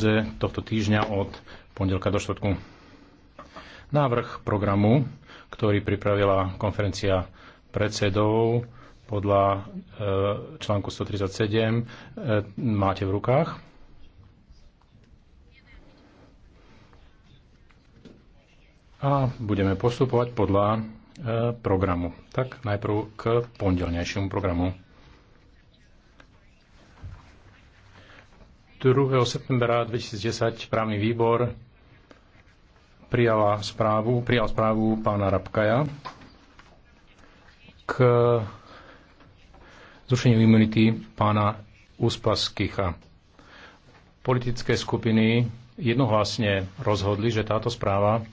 schôdze tohto týždňa od pondelka do štvrtku. Návrh programu, ktorý pripravila konferencia predsedov podľa e, článku 137, e, máte v rukách. A budeme postupovať podľa e, programu. Tak najprv k pondelnejšiemu programu. 2. septembra 2010 právny výbor prijala správu, prijal správu pána Rabkaja k zrušeniu imunity pána Uspaskycha. Politické skupiny jednohlasne rozhodli, že táto správa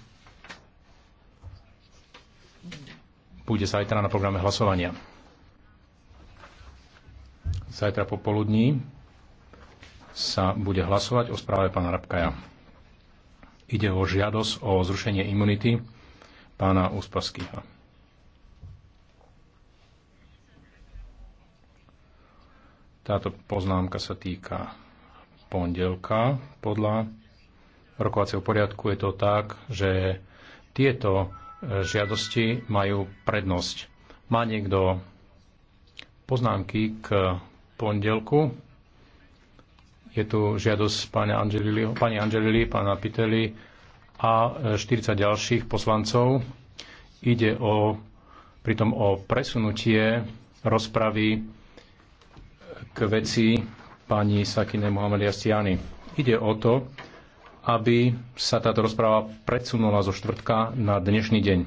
bude zajtra na programe hlasovania. Zajtra popoludní sa bude hlasovať o správe pána Rabkaja. Ide o žiadosť o zrušenie imunity pána Uspaskyha. Táto poznámka sa týka pondelka. Podľa rokovacieho poriadku je to tak, že tieto e, žiadosti majú prednosť. Má niekto poznámky k pondelku? Je tu žiadosť pána Angelili, pani Angelili, pána Piteli a 40 e, ďalších poslancov. Ide o, pritom o presunutie rozpravy e, k veci pani Sakine Mohamed Jastiani. Ide o to, aby sa táto rozpráva predsunula zo štvrtka na dnešný deň.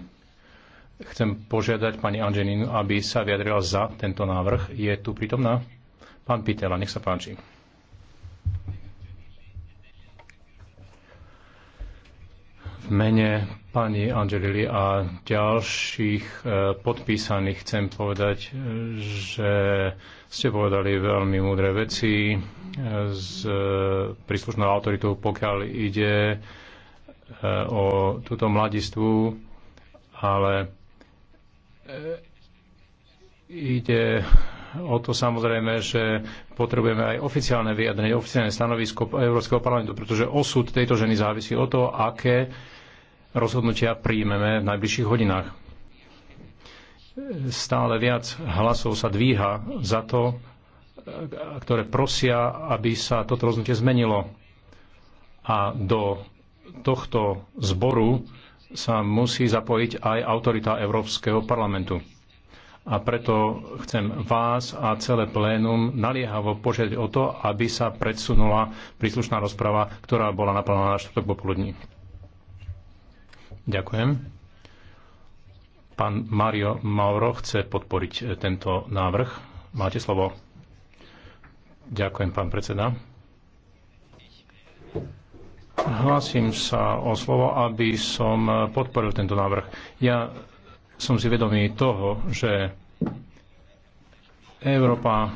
Chcem požiadať pani Angelinu, aby sa vyjadrila za tento návrh. Je tu prítomná? Pán Pitela, nech sa páči. mene pani Angelili a ďalších e, podpísaných chcem povedať, e, že ste povedali veľmi múdre veci e, s príslušnou autoritou, pokiaľ ide o túto mladistvu, ale ide o to samozrejme, že potrebujeme aj oficiálne vyjadrenie, oficiálne stanovisko Európskeho parlamentu, pretože osud tejto ženy závisí o to, aké rozhodnutia príjmeme v najbližších hodinách. Stále viac hlasov sa dvíha za to, ktoré prosia, aby sa toto rozhodnutie zmenilo. A do tohto zboru sa musí zapojiť aj autorita Európskeho parlamentu. A preto chcem vás a celé plénum naliehavo požiadať o to, aby sa predsunula príslušná rozprava, ktorá bola naplánovaná na štvrtok popoludní. Ďakujem. Pán Mario Mauro chce podporiť e, tento návrh. Máte slovo. Ďakujem, pán predseda. Hlasím sa o slovo, aby som e, podporil tento návrh. Ja som si vedomý toho, že Európa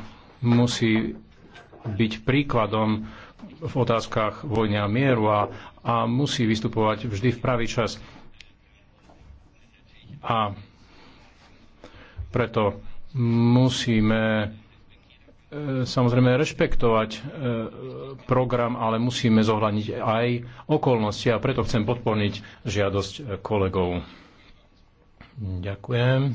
musí byť príkladom v otázkach vojny a mieru a a musí vystupovať vždy v pravý čas. A preto musíme e, samozrejme rešpektovať e, program, ale musíme zohľadniť aj okolnosti a preto chcem podporniť žiadosť kolegov. Ďakujem.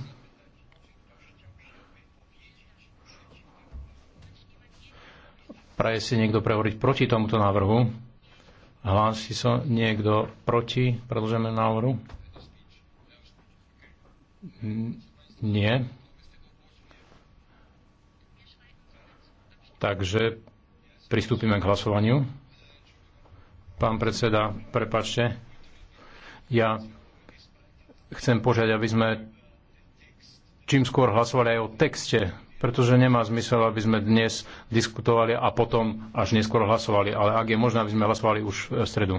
Praje si niekto prehovoriť proti tomuto návrhu? Hlási sa niekto proti predloženému návrhu? Nie. Takže pristúpime k hlasovaniu. Pán predseda, prepačte, ja chcem požiadať, aby sme čím skôr hlasovali aj o texte pretože nemá zmysel, aby sme dnes diskutovali a potom až neskôr hlasovali. Ale ak je možné, aby sme hlasovali už e, v stredu.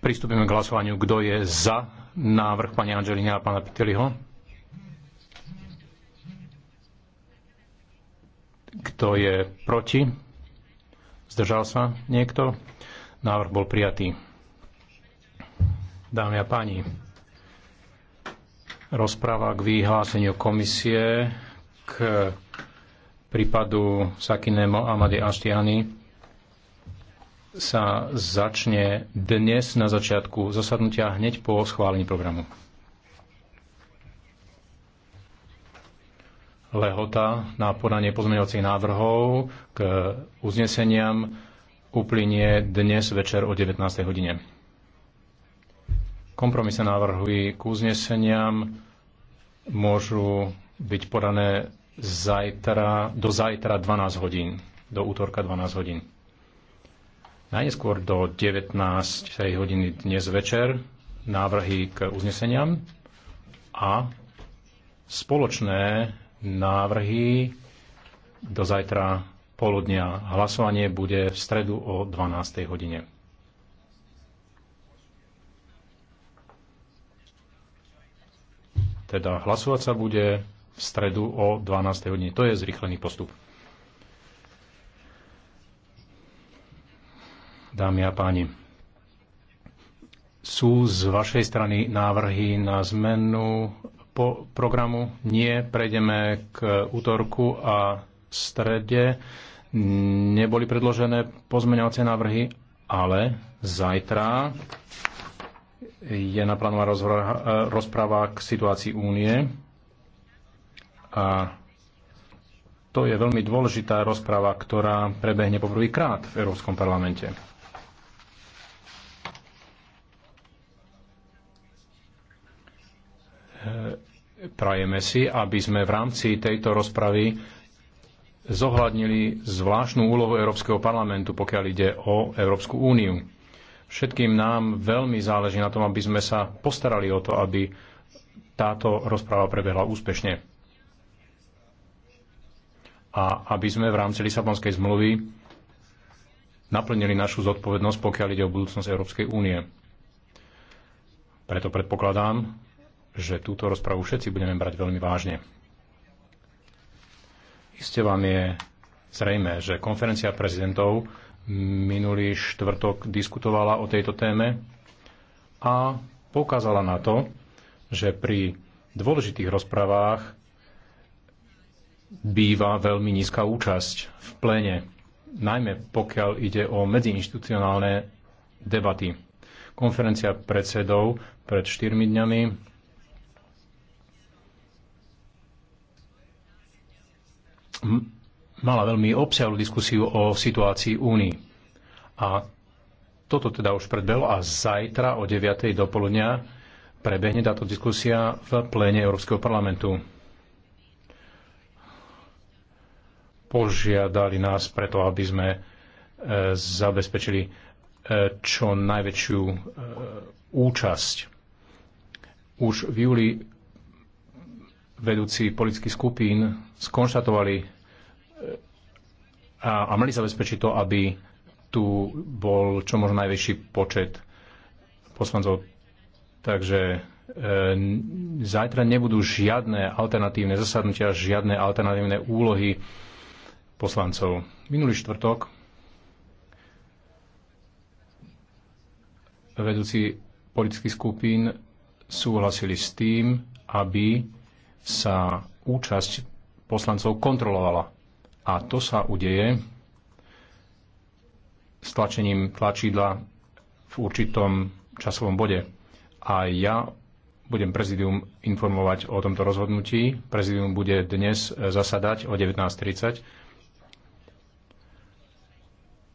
Pristúpime k hlasovaniu. Kto je za návrh pani Angelina a pána Piteliho? Kto je proti? Zdržal sa niekto? Návrh bol prijatý. Dámy a páni, Rozpráva k vyhláseniu komisie k prípadu Sakinemo Amady Aštiany sa začne dnes na začiatku zasadnutia hneď po schválení programu. Lehota na podanie pozmeňovacích návrhov k uzneseniam uplynie dnes večer o 19. hodine kompromisné návrhy k uzneseniam môžu byť podané zajtra, do zajtra 12 hodín, do útorka 12 hodín. Najneskôr do 19. hodiny dnes večer návrhy k uzneseniam a spoločné návrhy do zajtra poludnia. Hlasovanie bude v stredu o 12. hodine. Teda hlasovať sa bude v stredu o 12. hodine. To je zrýchlený postup. Dámy a páni, sú z vašej strany návrhy na zmenu po programu? Nie, prejdeme k útorku a strede. Neboli predložené pozmeňovacie návrhy, ale zajtra je naplánovaná eh, rozpráva k situácii únie a to je veľmi dôležitá rozpráva, ktorá prebehne poprvýkrát v Európskom parlamente. Eh, prajeme si, aby sme v rámci tejto rozpravy zohľadnili zvláštnu úlohu Európskeho parlamentu, pokiaľ ide o Európsku úniu Všetkým nám veľmi záleží na tom, aby sme sa postarali o to, aby táto rozpráva prebehla úspešne. A aby sme v rámci Lisabonskej zmluvy naplnili našu zodpovednosť, pokiaľ ide o budúcnosť Európskej únie. Preto predpokladám, že túto rozpravu všetci budeme brať veľmi vážne. Isté vám je zrejme, že konferencia prezidentov minulý štvrtok diskutovala o tejto téme a poukázala na to, že pri dôležitých rozprávach býva veľmi nízka účasť v plene, najmä pokiaľ ide o medziinstitucionálne debaty. Konferencia predsedov pred 4 dňami m- mala veľmi obsiahlu diskusiu o situácii Únii. A toto teda už predbehlo a zajtra o 9. dopoludnia prebehne táto diskusia v pléne Európskeho parlamentu. Požiadali nás preto, aby sme e, zabezpečili e, čo najväčšiu e, účasť. Už v júli vedúci politických skupín skonštatovali a, a mali zabezpečiť to, aby tu bol čo možno najvyšší počet poslancov. Takže e, zajtra nebudú žiadne alternatívne zasadnutia, žiadne alternatívne úlohy poslancov. Minulý štvrtok vedúci politických skupín súhlasili s tým, aby sa účasť poslancov kontrolovala a to sa udeje stlačením tlačidla v určitom časovom bode. A ja budem prezidium informovať o tomto rozhodnutí. Prezidium bude dnes e, zasadať o 19.30.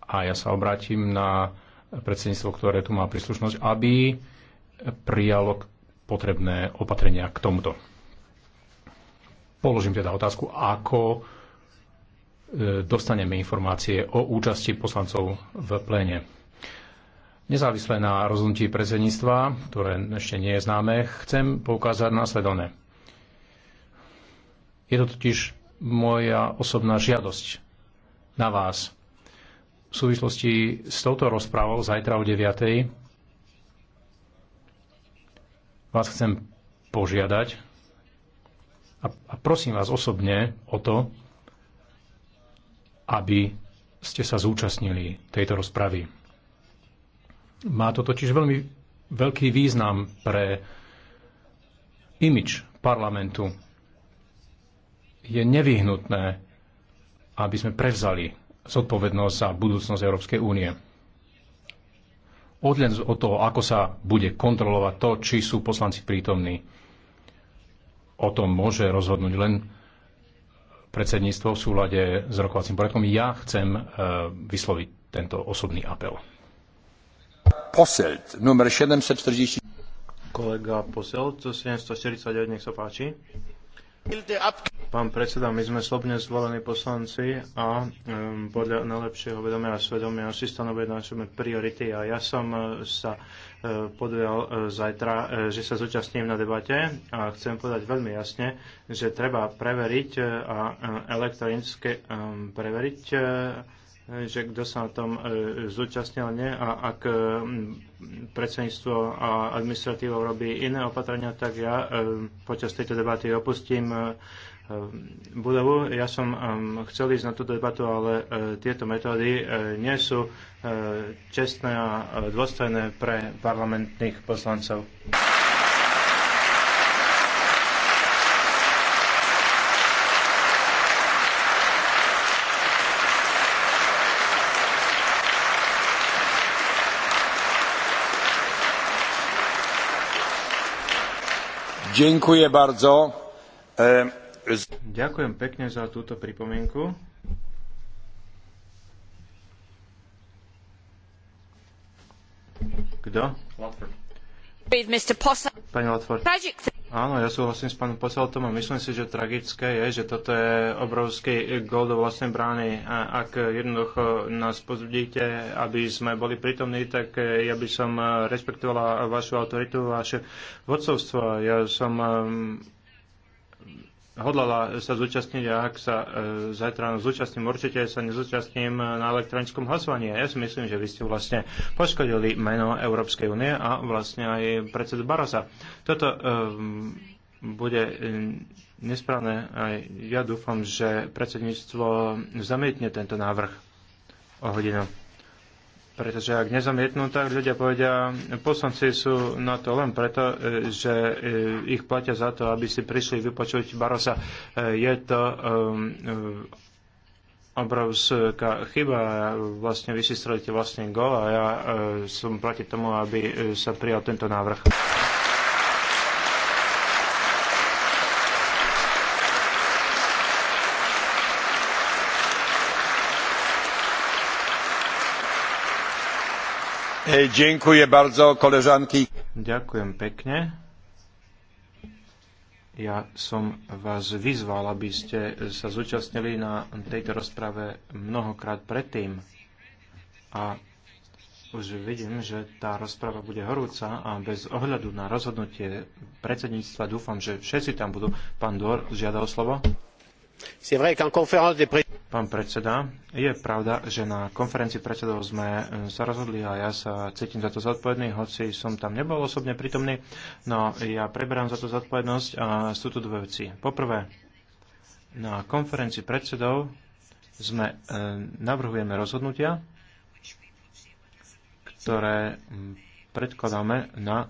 A ja sa obrátim na predsedníctvo, ktoré tu má príslušnosť, aby prijalo potrebné opatrenia k tomuto. Položím teda otázku, ako E, dostaneme informácie o účasti poslancov v pléne. Nezávisle na rozhodnutí predsedníctva, ktoré ešte nie je známe, chcem poukázať následovné. Je to totiž moja osobná žiadosť na vás. V súvislosti s touto rozprávou zajtra o 9. vás chcem požiadať a prosím vás osobne o to, aby ste sa zúčastnili tejto rozpravy. Má to totiž veľmi veľký význam pre imič parlamentu. Je nevyhnutné, aby sme prevzali zodpovednosť za budúcnosť Európskej únie. Odlen od toho, ako sa bude kontrolovať to, či sú poslanci prítomní. O tom môže rozhodnúť len predsedníctvo v súlade s rokovacím poriadkom. Ja chcem e, vysloviť tento osobný apel. Poselt, numer 740. Kolega Poselt, 741, nech sa páči. Pán predseda, my sme slobne zvolení poslanci a um, podľa najlepšieho vedomia a svedomia si stanovuje naše priority. A ja som e, sa uh, podujal uh, zajtra, uh, že sa zúčastním na debate a chcem povedať veľmi jasne, že treba preveriť uh, a elektronicky um, preveriť, uh, že kto sa na tom uh, zúčastnil, nie? A ak uh, predsedníctvo a administratívou robí iné opatrenia, tak ja eh, počas tejto debaty opustím eh, eh, budovu. Ja som chcel ísť na túto debatu, ale tieto metódy nie sú čestné a dôstojné pre parlamentných poslancov. E, Ďakujem pekne za túto pripomienku. Kto? Pani Latford. Áno, ja súhlasím s pánom Poseltom a myslím si, že tragické je, že toto je obrovský gol do vlastnej brány. A ak jednoducho nás pozvedíte, aby sme boli prítomní, tak ja by som rešpektovala vašu autoritu, vaše vodcovstvo. Ja som hodlala sa zúčastniť a ak sa e, zajtra zúčastním, určite sa nezúčastním na elektronickom hlasovaní. Ja si myslím, že vy ste vlastne poškodili meno Európskej únie a vlastne aj predsedu Barosa. Toto e, bude e, nesprávne a ja dúfam, že predsedníctvo zamietne tento návrh o hodinu. Pretože ak nezamietnú, tak ľudia povedia, poslanci sú na to len preto, e, že e, ich platia za to, aby si prišli vypočuť Barosa. E, je to obrovská chyba. Vlastne vy si strelíte vlastne gol a ja som proti tomu, aby sa prijal tento návrh. Ďakujem pekne. Ja som vás vyzval, aby ste sa zúčastnili na tejto rozprave mnohokrát predtým. A už vidím, že tá rozprava bude horúca a bez ohľadu na rozhodnutie predsedníctva dúfam, že všetci tam budú. Pán Dor žiada o slovo. C'est vrai qu'en conférence des Pán predseda, je pravda, že na konferencii predsedov sme eh, sa rozhodli a ja sa cítim za to zodpovedný, hoci som tam nebol osobne prítomný, no ja preberám za to zodpovednosť a sú tu dve veci. Poprvé, na konferencii predsedov sme eh, navrhujeme rozhodnutia, ktoré hm, predkladáme na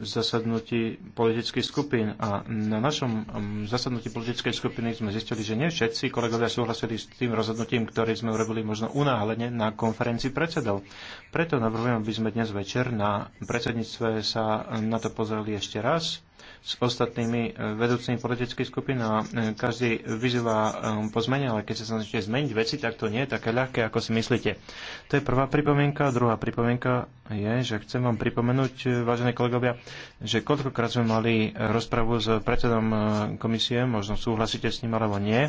zasadnutí politických skupín. A na našom zasadnutí politickej skupiny sme zistili, že nie všetci kolegovia súhlasili s tým rozhodnutím, ktoré sme urobili možno unáhlene na konferencii predsedov. Preto navrhujem, aby sme dnes večer na predsedníctve sa na to pozreli ešte raz s ostatnými e, vedúcimi politických skupín a e, každý vyzýva e, po zmene, ale keď sa snažíte zmeniť veci, tak to nie je také ľahké, ako si myslíte. To je prvá pripomienka. Druhá pripomienka je, že chcem vám pripomenúť, vážení kolegovia, že koľkokrát sme mali rozpravu s predsedom komisie, možno súhlasíte s ním alebo nie,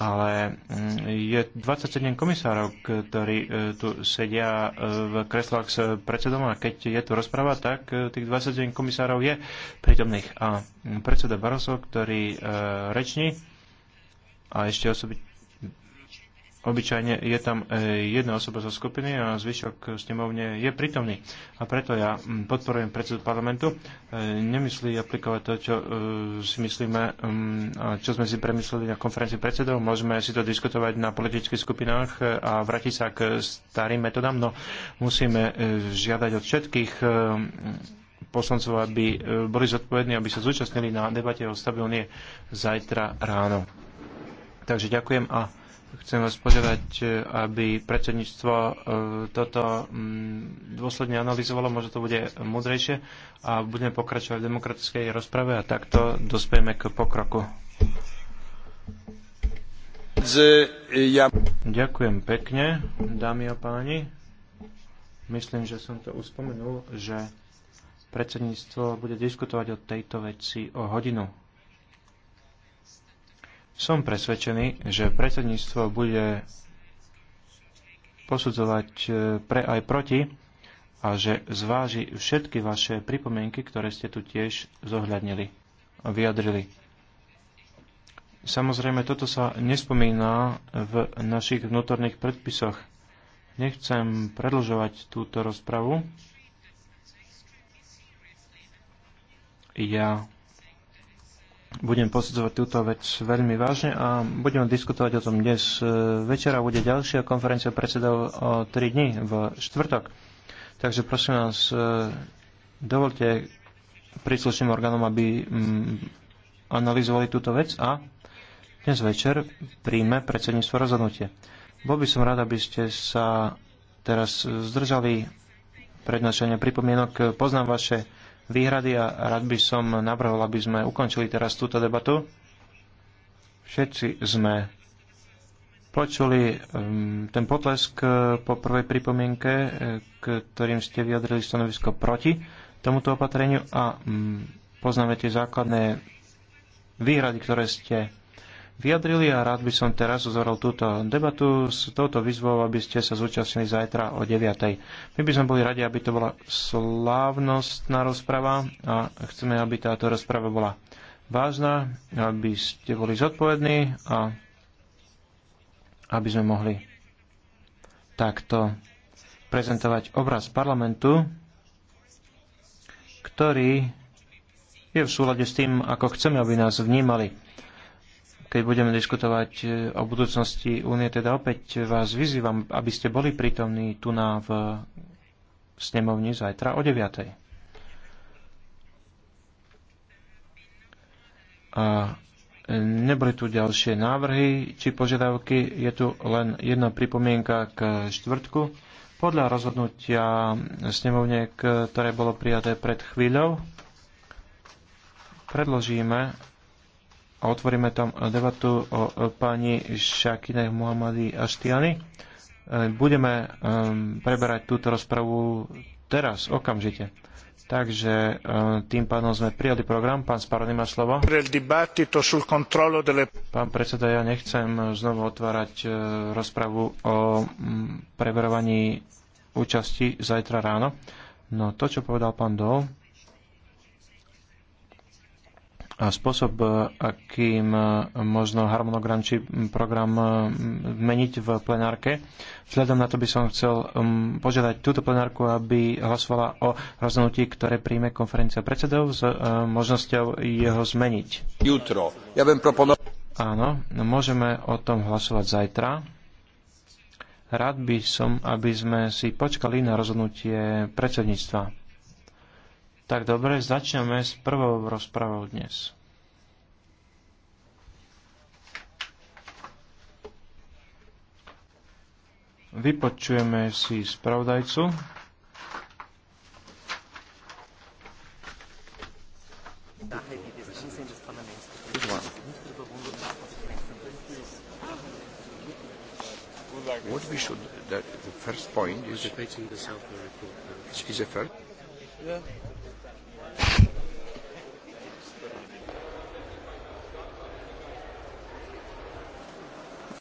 ale mm, je 27 komisárov, ktorí e, tu sedia e, v kreslách s predsedom a keď je tu rozpráva, tak e, tých 27 komisárov je prítomných. A mm, predseda Barroso, ktorý reční a ešte osobitne Obyčajne je tam e, jedna osoba zo skupiny a zvyšok snemovne je prítomný. A preto ja mm, podporujem predsedu parlamentu. E, nemyslí aplikovať to, čo e, si myslíme mm, čo sme si premysleli na konferencii predsedov. Môžeme si to diskutovať na politických skupinách a vrátiť sa k starým metodám, no musíme žiadať od všetkých poslancov, aby boli zodpovední, aby sa zúčastnili na debate o stabilnie zajtra ráno. Takže ďakujem a chcem vás požiadať, e, aby predsedníctvo e, toto mm, dôsledne analyzovalo, možno to bude múdrejšie a budeme pokračovať v demokratickej rozprave a takto dospejeme k pokroku. E, Ďakujem pekne, dámy a páni. Myslím, že som to uspomenul, že predsedníctvo bude diskutovať o tejto veci o hodinu. Som presvedčený, že predsedníctvo bude posudzovať e, pre aj proti a že zváži všetky vaše pripomienky, ktoré ste tu tiež zohľadnili a vyjadrili. Samozrejme, toto sa nespomína v našich vnútorných predpisoch. Nechcem predlžovať túto rozpravu. Ja budem posudzovať túto vec veľmi vážne a budeme diskutovať o tom dnes e, večera. Bude ďalšia konferencia predsedov o 3 dní v štvrtok. Takže prosím vás, e, dovolte príslušným orgánom, aby mm, analyzovali túto vec a dnes večer príjme predsedníctvo rozhodnutie. Bol by som rád, aby ste sa teraz zdržali prednášania pripomienok. Poznám vaše výhrady a rád by som navrhol, aby sme ukončili teraz túto debatu. Všetci sme počuli ehm, ten potlesk eh, po prvej pripomienke, eh, ktorým ste vyjadrili stanovisko proti tomuto opatreniu a mm, poznáme tie základné výhrady, ktoré ste vyjadrili a rád by som teraz uzoril túto debatu s touto výzvou, aby ste sa zúčastnili zajtra o 9. My by sme boli radi, aby to bola slávnostná rozprava a chceme, aby táto rozprava bola vážna, aby ste boli zodpovední a aby sme mohli takto prezentovať obraz parlamentu, ktorý je v súlade s tým, ako chceme, aby nás vnímali keď budeme diskutovať e, o budúcnosti únie, teda opäť vás vyzývam, aby ste boli prítomní tu na v snemovni zajtra o 9. A neboli tu ďalšie návrhy či požiadavky, je tu len jedna pripomienka k štvrtku. Podľa rozhodnutia snemovne, ktoré bolo prijaté pred chvíľou, predložíme a otvoríme tam debatu o pani Šakine Muhammadi Aštiany. E, budeme e, preberať túto rozpravu teraz, okamžite. Takže e, tým pádom sme prijali program. Pán Sparony má slovo. Pán predseda, ja nechcem znovu otvárať rozpravu o preberovaní účasti zajtra ráno. No to, čo povedal pán Dol, a spôsob, e, akým e, možno harmonogram či program e, meniť v plenárke. Vzhľadom na to by som chcel um, požiadať túto plenárku, aby hlasovala o rozhodnutí, ktoré príjme konferencia predsedov s možnosťou jeho zmeniť. Jutro. Ja bym proponoval... Áno, no môžeme o tom hlasovať zajtra. Rád by som, aby sme si počkali na rozhodnutie predsedníctva. Tak dobre, začneme s prvou rozpravou dnes. Vypočujeme si spravodajcu. What we should, the, the first point is, is the first. Yeah.